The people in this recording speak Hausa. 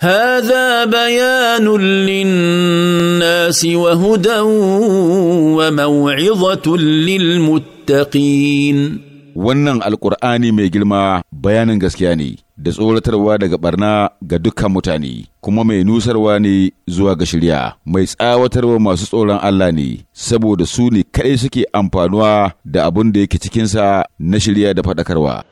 هذا بيان للناس وهدى وموعظة للمتقين wannan alkur'ani mai girma bayanin gaskiya ne da tsoratarwa daga barna ga dukkan mutane kuma mai nusarwa ne zuwa ga shirya mai tsawatarwa masu tsoron Allah ne saboda su ne kaɗai suke amfanuwa da abin da yake cikinsa na shirya da faɗakarwa